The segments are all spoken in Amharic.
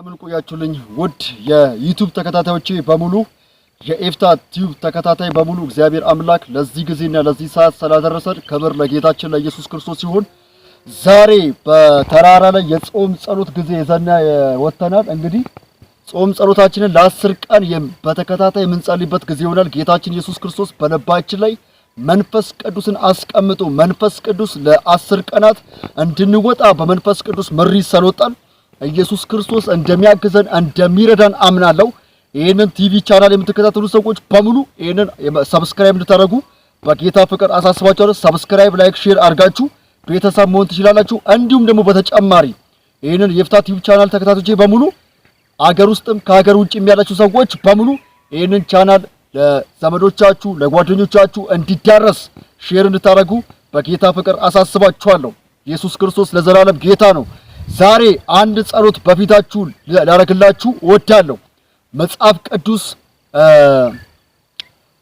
እንደምን ቆያችሁልኝ ውድ የዩቱብ ተከታታዮች በሙሉ የኤፍታ ቲዩብ ተከታታይ በሙሉ እግዚአብሔር አምላክ ለዚህ ጊዜና ለዚህ ሰዓት ስላደረሰን ክብር ለጌታችን ለኢየሱስ ክርስቶስ ሲሆን ዛሬ በተራራ ላይ የጾም ጸሎት ጊዜ የዘና ወተናል። እንግዲህ ጾም ጸሎታችንን ለአስር ቀን በተከታታይ የምንጸልይበት ጊዜ ይሆናል። ጌታችን ኢየሱስ ክርስቶስ በልባችን ላይ መንፈስ ቅዱስን አስቀምጦ መንፈስ ቅዱስ ለአስር ቀናት እንድንወጣ በመንፈስ ቅዱስ መሪ ሰሎጣል ኢየሱስ ክርስቶስ እንደሚያግዘን እንደሚረዳን አምናለሁ። ይህንን ቲቪ ቻናል የምትከታተሉ ሰዎች በሙሉ ይህንን ሰብስክራይብ እንድታደርጉ በጌታ ፍቅር አሳስባችኋለሁ። ሰብስክራይብ፣ ላይክ፣ ሼር አድርጋችሁ ቤተሰብ መሆን ትችላላችሁ። እንዲሁም ደግሞ በተጨማሪ ይህንን የፍታ ቲቪ ቻናል ተከታቶቼ በሙሉ አገር ውስጥም ከሀገር ውጭ ያላችሁ ሰዎች በሙሉ ይህንን ቻናል ለዘመዶቻችሁ ለጓደኞቻችሁ እንዲዳረስ ሼር እንድታደርጉ በጌታ ፍቅር አሳስባችኋለሁ። ኢየሱስ ክርስቶስ ለዘላለም ጌታ ነው። ዛሬ አንድ ጸሎት በፊታችሁ ላረግላችሁ እወዳለሁ። መጽሐፍ ቅዱስ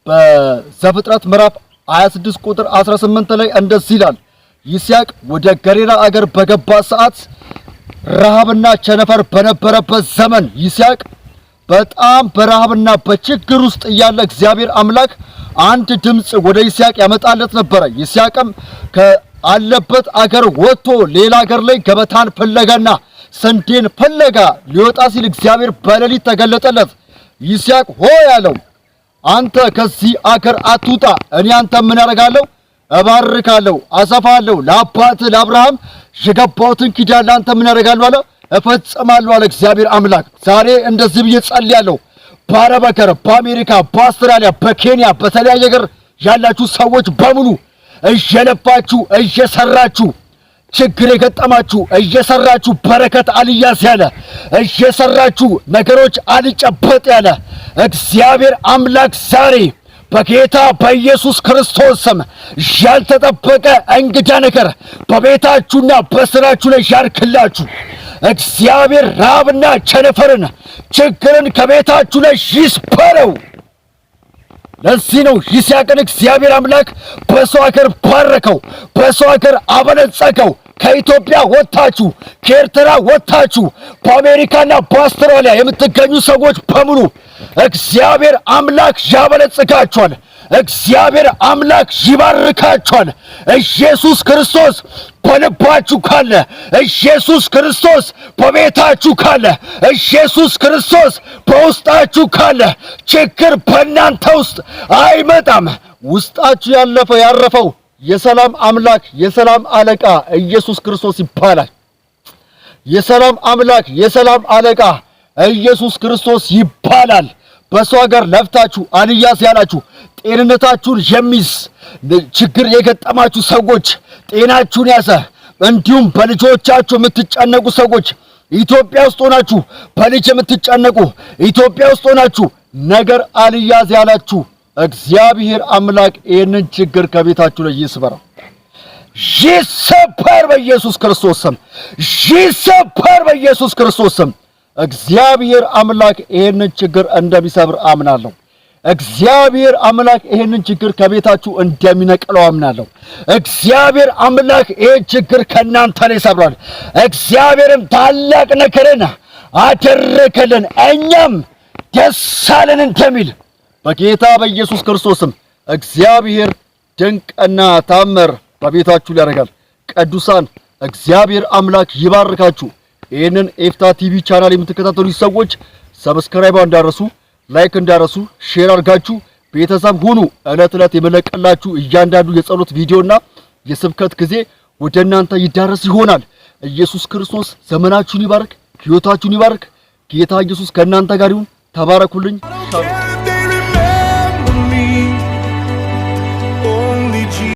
በዘፍጥረት ምዕራፍ 26 ቁጥር 18 ላይ እንደዚህ ይላል፣ ይስሐቅ ወደ ገሬራ አገር በገባ ሰዓት ረሃብና ቸነፈር በነበረበት ዘመን ይስሐቅ በጣም በረሃብና በችግር ውስጥ እያለ እግዚአብሔር አምላክ አንድ ድምፅ ወደ ይስሐቅ ያመጣለት ነበረ። ይስሐቅም አለበት አገር ወጥቶ ሌላ አገር ላይ ገበታን ፍለጋና ስንዴን ፍለጋ ሊወጣ ሲል እግዚአብሔር በሌሊት ተገለጠለት። ይስሐቅ ሆ ያለው አንተ ከዚህ አገር አትውጣ። እኔ አንተ ምን አደርጋለሁ? እባርካለሁ፣ አሰፋለሁ። ለአባት ለአብርሃም የገባሁትን ኪዳን ለአንተ ምን አደርጋለሁ አለ እፈጽማለሁ አለ እግዚአብሔር አምላክ። ዛሬ እንደዚህ ብዬ ጸልያለሁ። በአረብ አገር፣ በአሜሪካ፣ በአውስትራሊያ፣ በኬንያ፣ በተለያየ አገር ያላችሁ ሰዎች በሙሉ እየለፋችሁ እየሰራችሁ ችግር የገጠማችሁ እየሰራችሁ በረከት አልያዝ ያለ እየሰራችሁ ነገሮች አልጨበጥ ያለ እግዚአብሔር አምላክ ዛሬ በጌታ በኢየሱስ ክርስቶስ ስም ያልተጠበቀ እንግዳ ነገር በቤታችሁና በስራችሁ ላይ ያርክላችሁ። እግዚአብሔር ራብና ቸነፈርን ችግርን ከቤታችሁ ላይ ይስበረው። ለዚህ ነው ይስሐቅን እግዚአብሔር አምላክ በሰው አገር ባረከው፣ በሰው አገር አበለጸገው። ከኢትዮጵያ ወጥታችሁ ከኤርትራ ወጥታችሁ በአሜሪካና በአውስትራሊያ የምትገኙ ሰዎች በሙሉ እግዚአብሔር አምላክ ያበለጽጋችኋል። እግዚአብሔር አምላክ ይባርካችኋል። ኢየሱስ ክርስቶስ በልባችሁ ካለ ኢየሱስ ክርስቶስ በቤታችሁ ካለ ኢየሱስ ክርስቶስ በውስጣችሁ ካለ ችግር በእናንተ ውስጥ አይመጣም። ውስጣችሁ ያለፈ ያረፈው የሰላም አምላክ የሰላም አለቃ ኢየሱስ ክርስቶስ ይባላል። የሰላም አምላክ የሰላም አለቃ ኢየሱስ ክርስቶስ ይባላል። በሰው ሀገር ለፍታችሁ አንያስ ያላችሁ ጤንነታችሁን የሚይዝ ችግር የገጠማችሁ ሰዎች ጤናችሁን ያዘ፣ እንዲሁም በልጆቻችሁ የምትጨነቁ ሰዎች ኢትዮጵያ ውስጥ ሆናችሁ በልጅ የምትጨነቁ ኢትዮጵያ ውስጥ ሆናችሁ ነገር አልያዝ ያላችሁ እግዚአብሔር አምላክ ይህንን ችግር ከቤታችሁ ላይ ይስበራ፣ ይሰበር በኢየሱስ ክርስቶስ ስም፣ ይሰበር በኢየሱስ ክርስቶስ ስም። እግዚአብሔር አምላክ ይህንን ችግር እንደሚሰብር አምናለሁ። እግዚአብሔር አምላክ ይሄንን ችግር ከቤታችሁ እንደሚነቅለው አምናለሁ። እግዚአብሔር አምላክ ይሄን ችግር ከእናንተ ላይ ሰብሯል። እግዚአብሔርም ታላቅ ነገርን አደረከልን እኛም ደስ አለን እንደሚል በጌታ በኢየሱስ ክርስቶስም እግዚአብሔር ድንቅና ታመር በቤታችሁ ሊያደርጋል። ቅዱሳን እግዚአብሔር አምላክ ይባርካችሁ። ይህንን ኤፍታ ቲቪ ቻናል የምትከታተሉ ሰዎች ሰብስክራይብ እንዳረሱ ላይክ እንዳረሱ ሼር አድርጋችሁ ቤተሰብ ሁኑ። እለት እለት የመለቀላችሁ እያንዳንዱ የጸሎት ቪዲዮና የስብከት ጊዜ ወደ እናንተ ይዳረስ ይሆናል። ኢየሱስ ክርስቶስ ዘመናችሁን ይባርክ፣ ህይወታችሁን ይባርክ። ጌታ ኢየሱስ ከእናንተ ጋር ይሁን። ተባረኩልኝ።